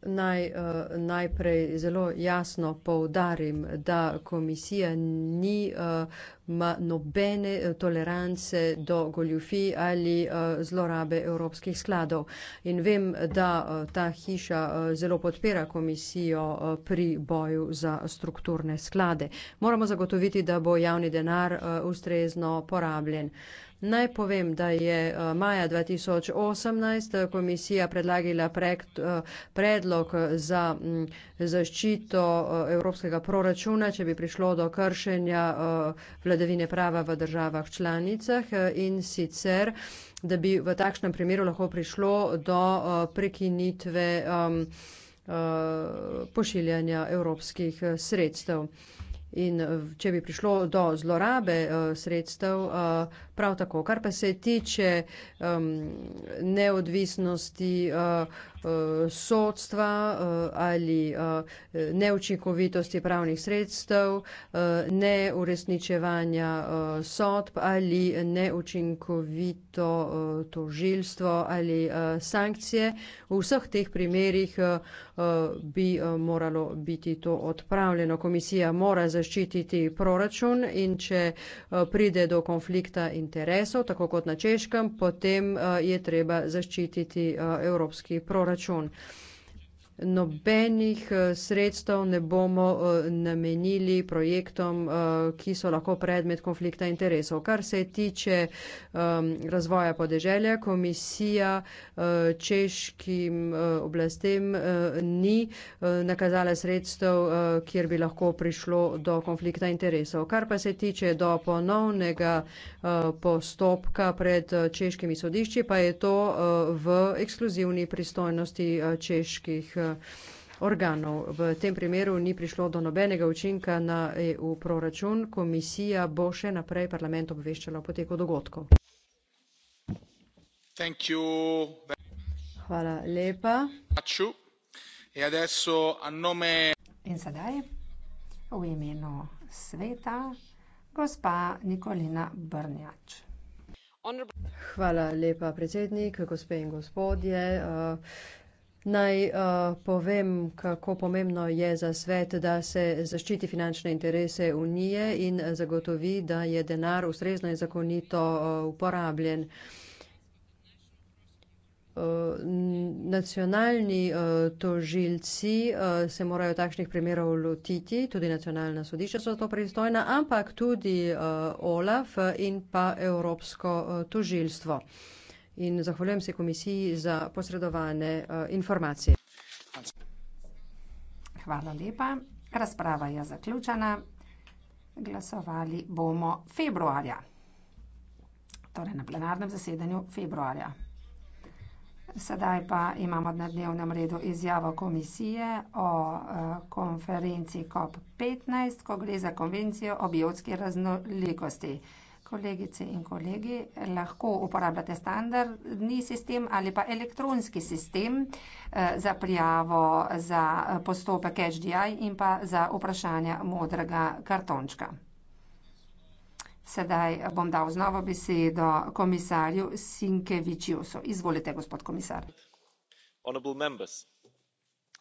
S3: Naj, uh, najprej zelo jasno povdarim, da komisija ni uh, ima nobene eh, tolerance do goljufij ali uh, zlorabe evropskih skladov. In vem, da uh, ta hiša uh, zelo podpira komisijo uh, pri boju za strukturne sklade. Moramo zagotoviti, da bo javni denar uh, ustrezno porabljen. Naj povem, da je maja 2018 komisija predlagila predlog za mm, zaščito evropskega proračuna, če bi prišlo do kršenja vladavine vladavine prava v državah članicah eh, in sicer, da bi v takšnem primeru lahko prišlo do eh, prekinitve eh, pošiljanja evropskih sredstev. In eh, če bi prišlo do zlorabe uh, sredstev, uh, prav tako. Kar pa se tiče um, neodvisnosti uh, uh, sodstva uh, ali uh, neučinkovitosti pravnih sredstev, uh, neurešničevanja uh, sodb ali neučinkovito uh, tožilstvo ali uh, sankcije, v vseh teh primerjih uh, uh, bi uh, moralo biti to odpravljeno. Komisija mora začeti zaščititi proračun in če eh, pride do konflikta interesov, tako kot na češkem, potem eh, je treba zaščititi eh, evropski proračun nobenih eh, sredstev ne bomo eh, namenili projektom, eh, ki so lahko predmet konflikta interesov. Kar se tiče ehm, razvoja podeželja, komisija češkim oblastem ni nakazala sredstev, kjer bi lahko prišlo do konflikta interesov. Kar pa se tiče do ponovnega postopka pred češkimi sodišči, pa je to v ekskluzivni pristojnosti čeških organov. V tem primeru ni prišlo do nobenega učinka na EU proračun. Komisija bo še naprej parlament obveščala o poteku dogodkov. Hvala lepa.
S1: E
S4: in sedaj v imenu sveta gospa
S3: Nikolina Brnjač. Hvala lepa, predsednik, gospe in gospodje. Uh, Naj uh, povem, kako pomembno je za svet, da se zaščiti finančne interese unije in zagotovi, da je denar ustrezno in zakonito uh, uporabljen. Eh, nacionalni tožilci se morajo takšnih primerov lotiti, tudi nacionalna sodišča so to pristojna, ampak tudi OLAF in pa Evropsko tožilstvo in zahvaljujem se komisiji za posredovane eh, informacije.
S4: Hvala lepa. Razprava je zaključena. Glasovali bomo februarja. Torej na plenarnem zasedanju februarja. Sedaj pa imamo na dnevnem redu izjavo komisije o eh, konferenci COP petnajst, ko gre za konvencijo o biotski raznolikosti. Kolegice in kolegi, lahko uporabljate standardni sistem ali pa elektronski sistem eh, za prijavo za postopek HDI in pa za vprašanja modrega kartončka. Sedaj bom dal znovo besedo komisarju Sinkevičiusu. Izvolite, gospod komisar.
S2: Honorable members,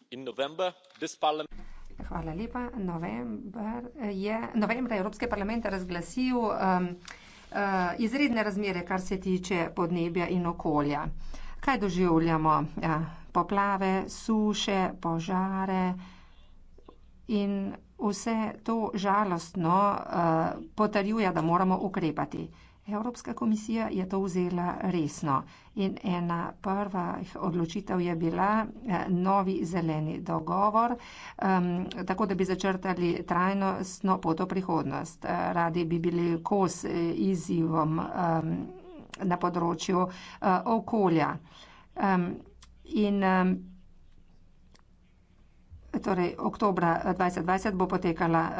S2: in November this parliament...
S4: Hvala lepa. November eh, je, novembra je Evropski parlament razglasil um, uh, izredne razmere, kar se tiče podnebja in okolja. Kaj doživljamo? Ja, poplave, suše, požare in vse to žalostno uh, potrjuje, da moramo ukrepati. Evropska komisija je to vzela resno in ena prva odločitev je bila eh, novi zeleni dogovor, um, tako da bi začrtali trajnostno pot v prihodnost. Eh, radi bi bili kos eh, izzivom um, na področju uh, okolja. Um, in um, torej oktobra 2020 eh, bo potekala eh,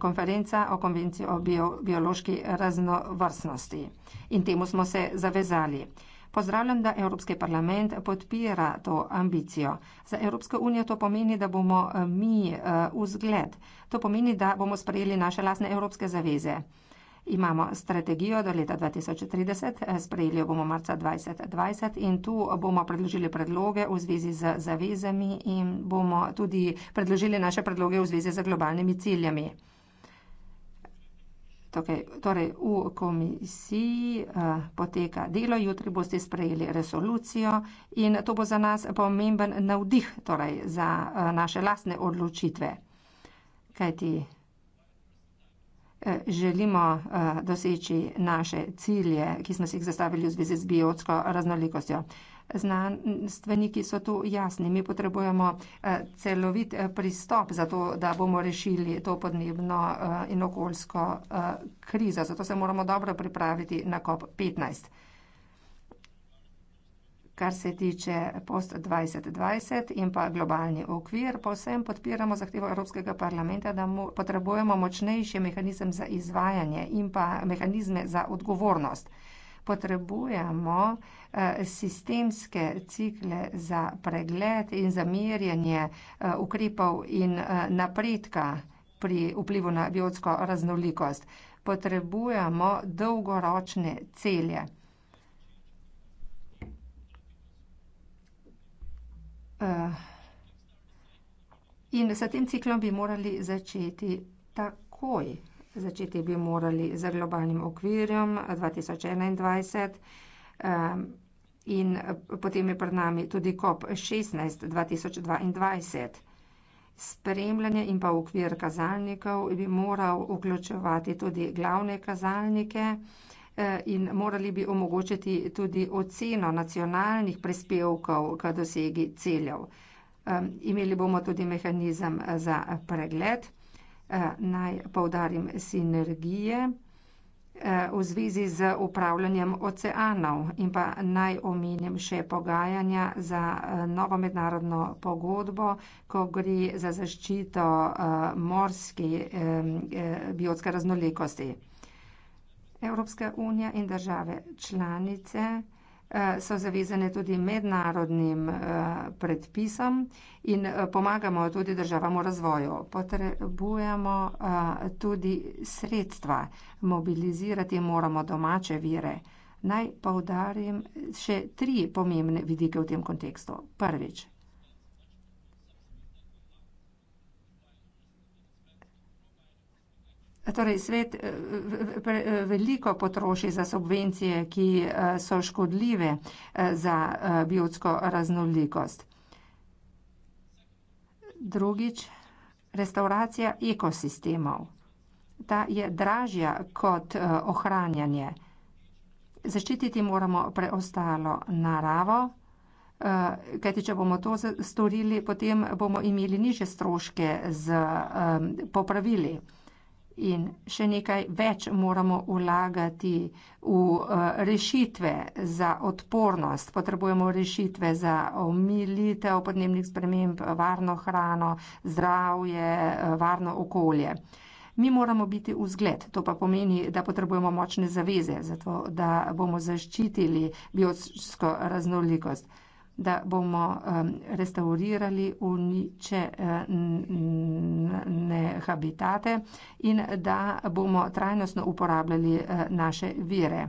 S4: konferenca o konvenciji o bio, biološki raznovrstnosti in temu smo se zavezali. Pozdravljam, da Evropski parlament podpira to ambicijo. Za Evropsko unijo to pomeni, da bomo eh, mi vzgled. To pomeni, da bomo sprejeli naše lasne evropske zaveze imamo strategijo do leta 2030, sprejeli jo bomo marca 2020 in tu bomo predložili predloge v zvezi z zavezami in bomo tudi predložili naše predloge v zvezi z globalnimi ciljami. Okay. Torej, torej, v komisiji uh, poteka delo, jutri boste sprejeli resolucijo in to bo za nas pomemben navdih torej, za uh, naše lastne odločitve. Kaj ti? Eh, želimo eh, doseči naše cilje, ki smo si jih zastavili v zvezi z biotsko raznolikostjo. Znanstveniki so tu jasni, mi potrebujemo eh, celovit pristop za to, da bomo rešili to podnebno in okoljsko krizo, zato se moramo dobro pripraviti na COP15 kar se tiče post 2020 in pa globalni okvir, posem podpiramo zahtevo Evropskega parlamenta, da mu potrebujemo močnejši mehanizem za izvajanje in pa mehanizme za odgovornost. Potrebujemo eh, sistemske cikle za pregled in zamirjanje eh, ukrepov in eh, napredka pri vplivu na biotsko raznolikost. Potrebujemo dolgoročne celje. Eh, in s tem ciklom bi morali začeti takoj. Začeti bi morali z globalnim okvirjem 2021. Eh, eh, in potem je pred nami tudi COP16 2022. Spremljanje in pa okvir kazalnikov bi moral vključevati tudi glavne kazalnike. Eh, in morali bi omogočiti tudi oceno nacionalnih prispevkov k dosegi ciljev. Eh, imeli bomo tudi mehanizem za pregled. Eh, naj povdarim sinergije v zvezi z upravljanjem oceanov in pa naj omenim še pogajanja za novo mednarodno pogodbo, ko gre za zaščito morske biotske raznolikosti. Evropska unija in države članice eh, so zavezane tudi mednarodnim eh, predpisom in eh, pomagamo tudi državam v razvoju. Potrebujemo tudi sredstva, mobilizirati moramo domače vire. Naj povdarim še tri pomembne vidike v tem kontekstu. Prvič, Torej, svet eh, eh, veliko potroši za subvencije, ki eh, so škodljive za biotsko raznolikost. Drugič, restauracija ekosistemov. Ta je dražja kot ohranjanje. Zaščititi moramo preostalo naravo, kajti če bomo to storili, potem bomo imeli niže stroške z popravili. In še nekaj več moramo vlagati v eh, rešitve za odpornost. Potrebujemo rešitve za omilitev podnebnih sprememb, varno hrano, zdravje, eh, varno okolje. Mi moramo biti vzgled, to pa pomeni, da potrebujemo močne zaveze, zato da bomo zaščitili biotsko raznolikost da bomo restaurirali uničene habitate in da bomo trajnostno uporabljali eh, naše vire.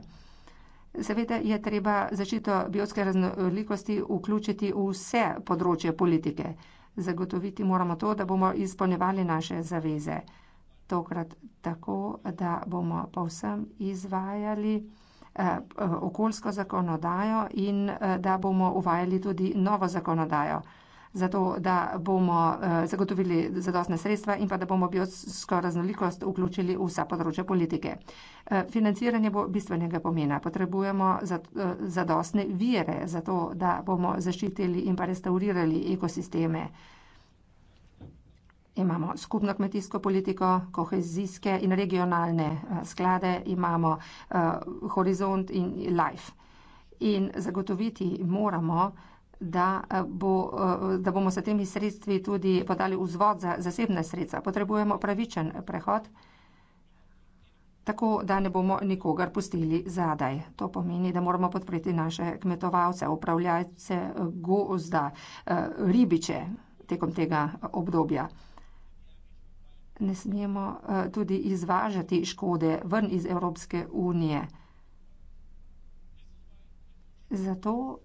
S4: Seveda je treba zaščito biotske raznolikosti vključiti v vse področje politike. Zagotoviti moramo to, da bomo izpolnjevali naše zaveze. Tokrat tako, da bomo povsem izvajali. Eh, okoljsko zakonodajo in eh, da bomo uvajali tudi novo zakonodajo, zato da bomo eh, zagotovili zadostne sredstva in pa da bomo biotsko raznolikost vključili v vsa področja politike. Financiranje bo bistvenega pomena. Potrebujemo zadostne vire, zato da bomo zaščitili in pa restaurirali ekosisteme imamo skupno kmetijsko politiko, kohezijske in regionalne eh, sklade, imamo uh, horizont in life. In zagotoviti moramo, da, eh, bo, uh, da bomo s temi sredstvi tudi podali vzvod za zasebne sredstva. Potrebujemo pravičen prehod, tako da ne bomo nikogar pustili zadaj. To pomeni, da moramo podpreti naše kmetovalce, upravljajce gozda, uh, ribiče tekom tega obdobja ne smemo eh, tudi izvažati škode ven iz Evropske unije. Zato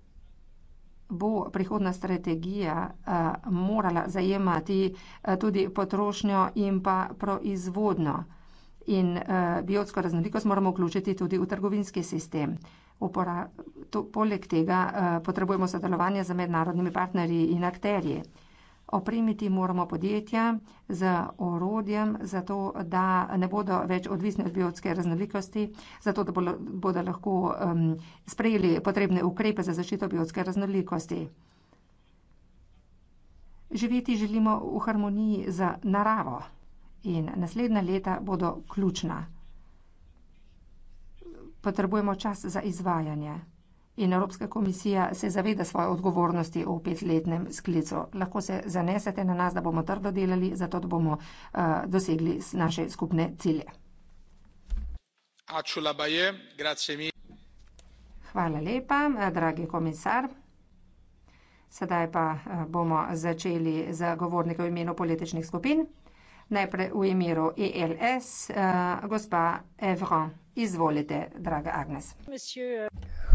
S4: bo prihodna strategija eh, morala zajemati eh, tudi potrošnjo in pa proizvodnjo. In biotsko raznolikost moramo vključiti tudi v trgovinski sistem. Poleg tega potrebujemo sodelovanje z mednarodnimi partnerji in akterji opremiti moramo podjetja z orodjem, zato da ne bodo več odvisni od biotske raznolikosti, zato da bodo lahko um, sprejeli potrebne ukrepe za zaščito biotske raznolikosti. Živeti želimo v harmoniji z naravo in naslednja leta bodo ključna. Potrebujemo čas za izvajanje. In Evropska komisija se zaveda svoje odgovornosti v petletnem sklicu. Lahko se zanesete na nas, da bomo trdo delali, zato da bomo uh, dosegli naše skupne cilje. Hvala lepa, eh, dragi komisar. Sedaj pa eh, bomo začeli z govornikom v imenu političnih skupin. Najprej v imenu ELS, uh, gospa Evron.
S3: Izvolite, draga Agnes.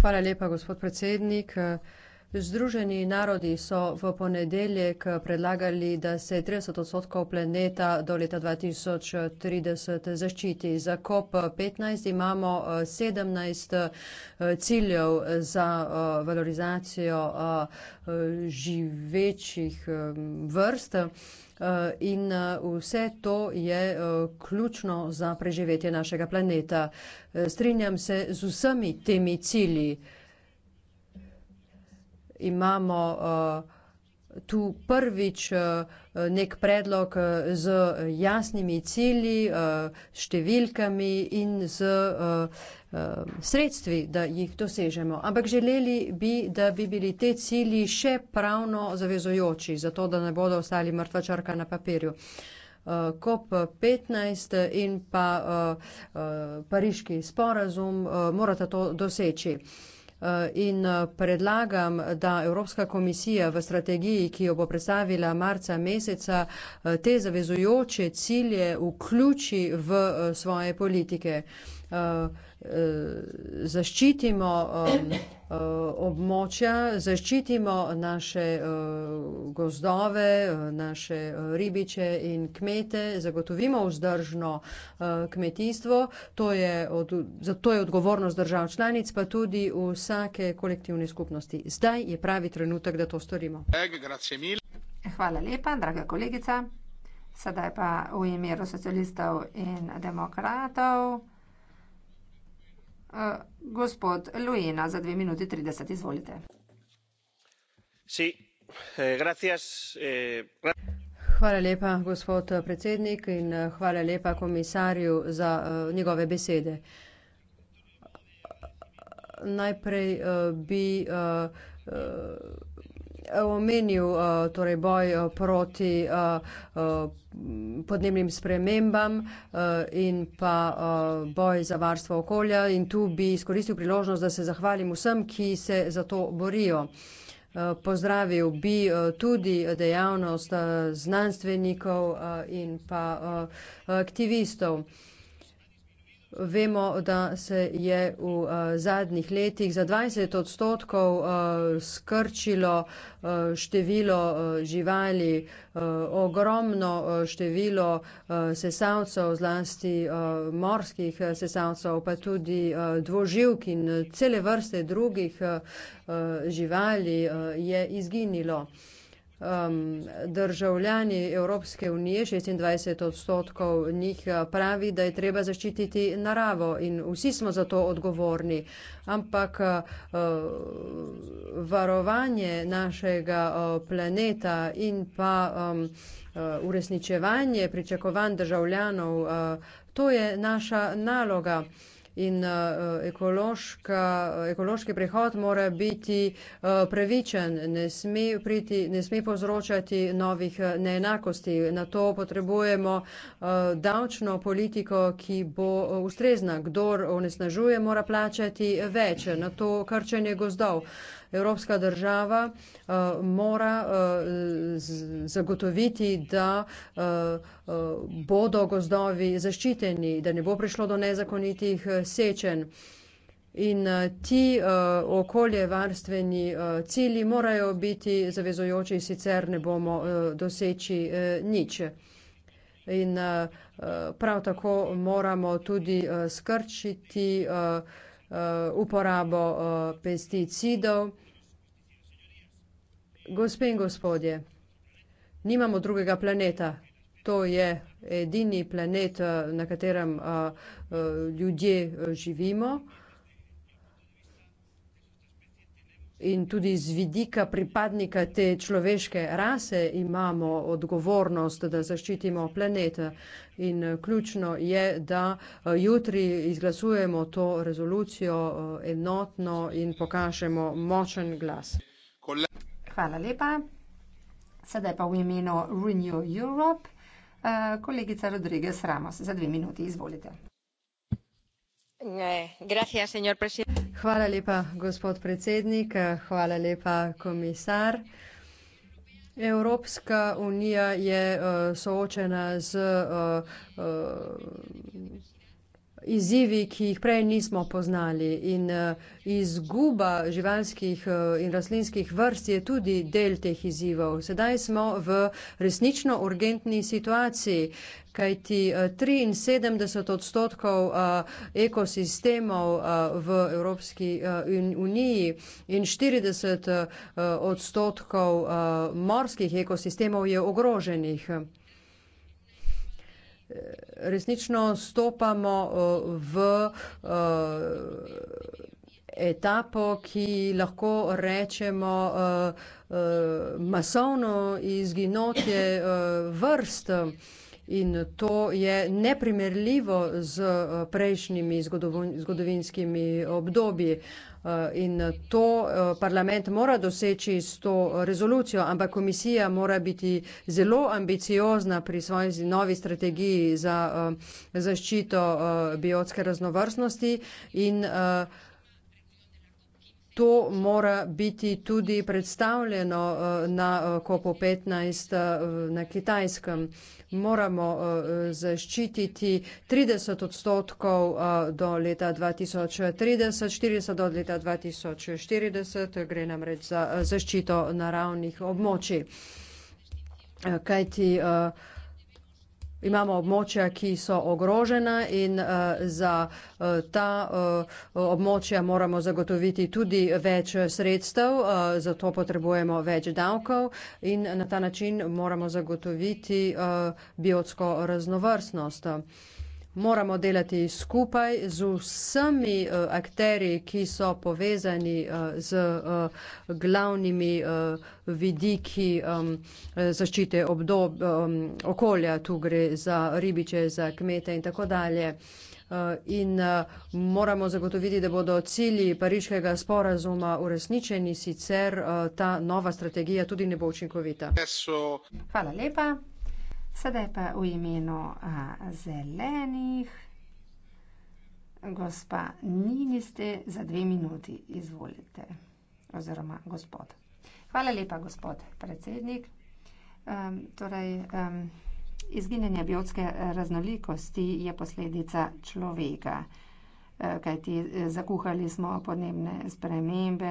S3: Hvala lepa, gospod predsednik. Združeni narodi so v ponedeljek predlagali, da se 30 odstotkov planeta do leta 2030 zaščiti. Za COP15 imamo 17 eh, eh, ciljev za eh, valorizacijo živečih vrst. In vse to je ključno za preživetje našega planeta. Strinjam se z vsemi temi cilji imamo eh, tu prvič eh, nek predlog eh, z jasnimi cilji, številkami in z sredstvi, da jih dosežemo. Ampak želeli bi, da bi bili te cilji še pravno zavezojoči, zato da ne bodo ostali mrtva črka na papirju. COP15 in pa pariški sporazum morata to doseči. Eh, in eh, predlagam, da Evropska komisija v strategiji, ki jo bo predstavila marca meseca, eh, te zavezujoče cilje vključi v svoje politike. Eh, eh, zaščitimo eh, območja, zaščitimo naše gozdove, naše ribiče in kmete, zagotovimo vzdržno kmetijstvo. To je, zato je odgovornost držav članic, pa tudi vsake kolektivne skupnosti. Zdaj je pravi trenutek, da to storimo. Hvala lepa, draga kolegica.
S4: Sedaj pa v imenu socialistov in demokratov. Eh, eh,
S3: hvala lepa gospod predsednik in eh, hvala lepa komisarju za njegove besede. najprej bi omenil uh, torej boj uh, proti uh, uh, podnebnim spremembam uh, in pa uh, boj za varstvo okolja in tu bi izkoristil priložnost, da se zahvalim vsem, ki se za to borijo. Pozdravil bi tudi dejavnost znanstvenikov in pa aktivistov. Vemo, da se je v uh, zadnjih letih za 20 odstotkov uh, skrčilo uh, število uh, živali, uh, ogromno uh, število uh, sesalcev, zlasti uh, morskih sesalcev, pa tudi uh, dvoživk in cele vrste drugih uh, živali uh, je izginilo. Uh, um, državljani Evropske unije, 26 odstotkov njih uh, pravi, da je treba zaščititi naravo in vsi smo za to odgovorni. Ampak uh, uh varovanje našega uh, planeta in pa um, uh, uresničevanje pričakovanj državljanov, uh, to je naša naloga in eh, eh, ekološka, eh, ekološki prehod mora biti pravičen, ne sme, priti, ne sme povzročati novih neenakosti. Na to potrebujemo davčno politiko, ki bo ustrezna. Kdor onesnažuje, mora plačati več. Na to krčenje gozdov evropska država uh, mora uh, zagotoviti, da uh, uh, bodo gozdovi zaščiteni, da ne bo prišlo do nezakonitih uh, sečen. In ti uh, okoljevarstveni uh, cili morajo biti zavezojoči, sicer ne bomo uh, doseči uh, nič. In uh, prav tako moramo tudi uh, skrčiti uh, Eh, uporabo eh, pesticidov. Gospe in gospodje, nimamo drugega planeta. To je edini planet, eh, na katerem ljudje živimo. in tudi z vidika pripadnika te človeške rase imamo odgovornost, da zaščitimo planet. In eh, ključno je, da eh, jutri izglasujemo to rezolucijo eh, enotno in pokažemo močen glas. Hvala lepa. Sedaj pa v imenu Renew Europe.
S4: Kolegica Rodriguez Ramos, za dve minuti, izvolite.
S3: Hvala lepa, gospod predsednik, hvala lepa, komisar. Evropska unija je eh, soočena z eh, eh, izzivi, ki jih prej nismo poznali. In eh, izguba živalskih eh, in rastlinskih vrst je tudi del teh izzivov. Sedaj smo v resnično urgentni situaciji, kajti 73 eh, odstotkov ekosistemov v Evropski uniji in 40 odstotkov morskih ekosistemov je ogroženih resnično stopamo eh, v eh, etapo, ki lahko rečemo eh, masovno izginotje vrst. In to je neprimerljivo z prejšnjimi zgodovinskimi obdobji. Eh, in to eh, parlament mora doseči s to rezolucijo, ampak komisija mora biti zelo ambiciozna pri svoji novi strategiji za eh, zaščito biotske raznovrstnosti in to mora biti tudi predstavljeno eh, na COP15 eh, eh, na Kitajskem. Moramo zaščititi 30 odstotkov do leta 2030, 40 do leta 2040, gre namreč za zaščito naravnih območij. Kajti, uh, Imamo območja, ki so ogrožena in uh, za uh, ta uh, območja moramo zagotoviti tudi več sredstev, uh, zato potrebujemo več davkov in na ta način moramo zagotoviti uh, biotsko raznovrstnost. Uh, moramo delati skupaj z vsemi uh, eh, akteri, ki so povezani uh, z uh, glavnimi uh, vidiki um, zaščite obdob, um, okolja, tu gre za ribiče, za kmete in tako dalje. Uh, in uh, moramo zagotoviti, da bodo cilji pariškega sporazuma uresničeni, sicer uh, ta nova strategija tudi ne bo učinkovita. Hvala lepa.
S4: Sedaj pa v imenu a, zelenih. Gospa Nini ste za dve minuti, izvolite. Oziroma gospod. Hvala lepa, gospod predsednik. Um, torej, um, izginjanje biotske e, raznolikosti je posledica človeka. E, kajti e, zakuhali smo podnebne spremembe,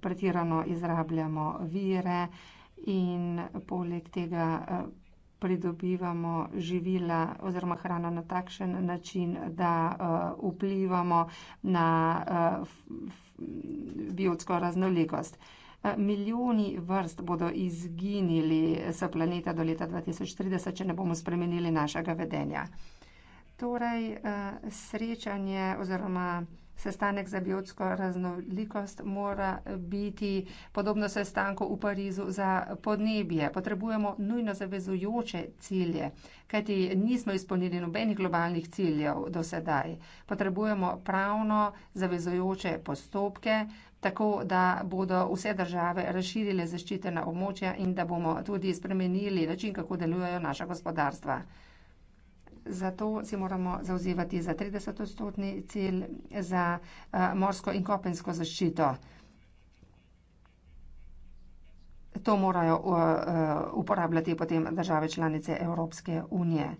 S4: pretirano izrabljamo vire in poleg tega pridobivamo živila oziroma hrano na takšen način, da uh, vplivamo na uh, biotsko raznolikost. Eh, milijoni vrst bodo izginili s planeta do leta 2030, če ne bomo spremenili našega vedenja. Uh, torej eh, srečanje oziroma sestanek za biotsko raznolikost mora biti podobno sestanku v Parizu za podnebje. Potrebujemo nujno zavezujoče cilje, kajti nismo izpolnili nobenih globalnih ciljev do sedaj. Potrebujemo pravno zavezujoče postopke, tako da bodo vse države razširile zaščitena območja in da bomo tudi spremenili način, kako delujejo naša gospodarstva zato si moramo zauzevati za 30-odstotni cilj za eh, morsko in kopensko zaščito. To morajo eh, eh, uporabljati potem države članice Evropske unije.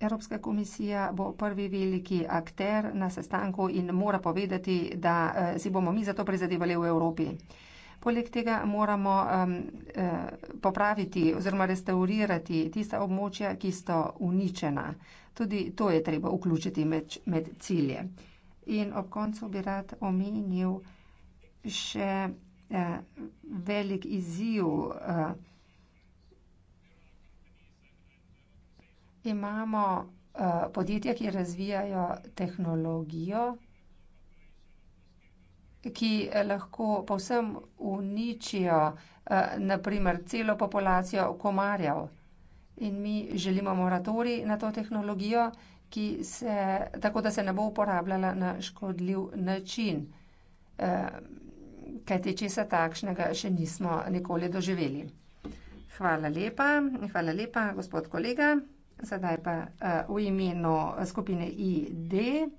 S4: Evropska komisija bo prvi veliki akter na sestanku in mora povedati, da si bomo mi za to prizadevali v Evropi. Poleg tega moramo um, eh, popraviti oziroma restaurirati tista območja, ki so uničena. Tudi to je treba vključiti med, med cilje. In ob koncu bi rad omenil še eh, velik izziv. Eh, imamo eh, podjetja, ki razvijajo tehnologijo ki eh, lahko povsem uničijo eh, naprimer celo populacijo komarjev. In mi želimo moratori na to tehnologijo, se, tako da se ne bo uporabljala na škodljiv način. Eh, kajti česa takšnega še nismo nikoli doživeli. Hvala lepa, hvala lepa, gospod kolega. Sedaj pa uh, v imenu skupine ID.